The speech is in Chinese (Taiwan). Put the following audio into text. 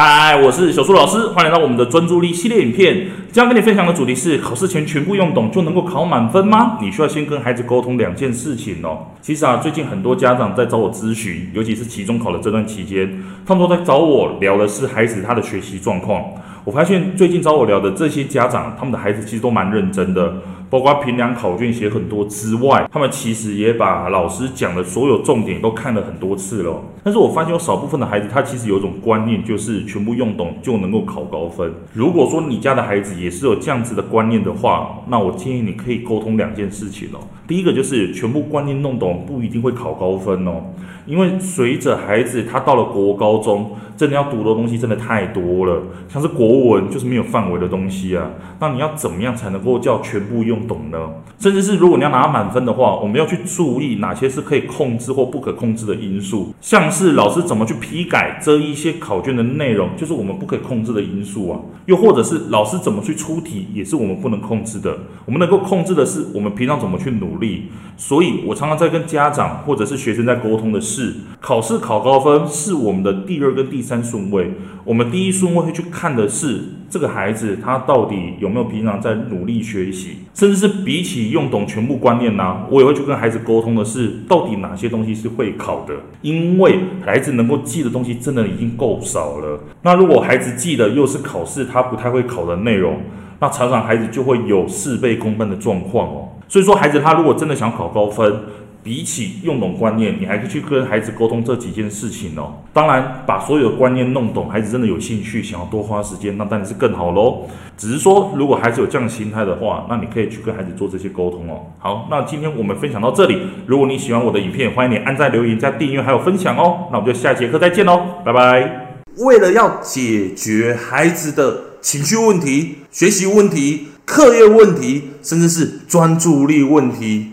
嗨，我是小樹老師，歡迎來到我們的專注力系列影片。今天要跟你分享的主題是：考試前全部用懂就能夠考滿分嗎？你需要先跟孩子溝通兩件事情哦。其實啊，最近很多家長在找我諮詢，尤其是期中考的這段期間，他們都在找我聊的是孩子他的學習狀況。我發現最近找我聊的這些家長，他們的孩子其實都蠻認真的。包括評量考卷寫很多之外，他們其實也把老師講的所有重點都看了很多次了。但是我發現有少部分的孩子，他其實有一種觀念，就是全部用懂就能夠考高分。如果說你家的孩子也是有這樣子的觀念的話，那我建議你可以溝通兩件事情哦。第一個就是全部觀念弄懂不一定會考高分哦，因為隨着孩子他到了國高中，真的要讀的東西真的太多了，像是國文就是沒有範圍的東西啊。那你要怎麼樣才能夠叫全部用？懂了，甚至是如果你要拿滿分的話，我們要去注意哪些是可以控制或不可控制的因素，像是老師怎麼去批改，這一些考卷的內容，就是我們不可控制的因素啊；又或者是老師怎麼去出題，也是我們不能控制的。我們能夠控制的是我們平常怎麼去努力。所以我常常在跟家長或者是學生在溝通的是，考試考高分是我們的第二跟第三順位，我們第一順位會去看的是。這個孩子他到底有沒有平常在努力學習？甚至是比起用懂全部觀念呢、啊，我也會去跟孩子溝通的是，到底哪些東西是會考的？因為孩子能夠記的東西真的已經夠少了。那如果孩子記得又是考試他不太會考的內容，那常常孩子就會有事倍功半的狀況哦。所以說，孩子他如果真的想考高分，比起用懂觀念，你還是去跟孩子溝通這幾件事情哦。當然，把所有的觀念弄懂，孩子真的有興趣，想要多花時間，那當然是更好嘍。只是說，如果孩子有這樣的心態的話，那你可以去跟孩子做這些溝通哦。好，那今天我們分享到這裡。如果你喜歡我的影片，歡迎你按贊、留言、加訂閱還有分享哦。那我們就下節課再見哦，拜拜。為了要解決孩子的情緒問題、學習問題、課業問題，甚至是專注力問題。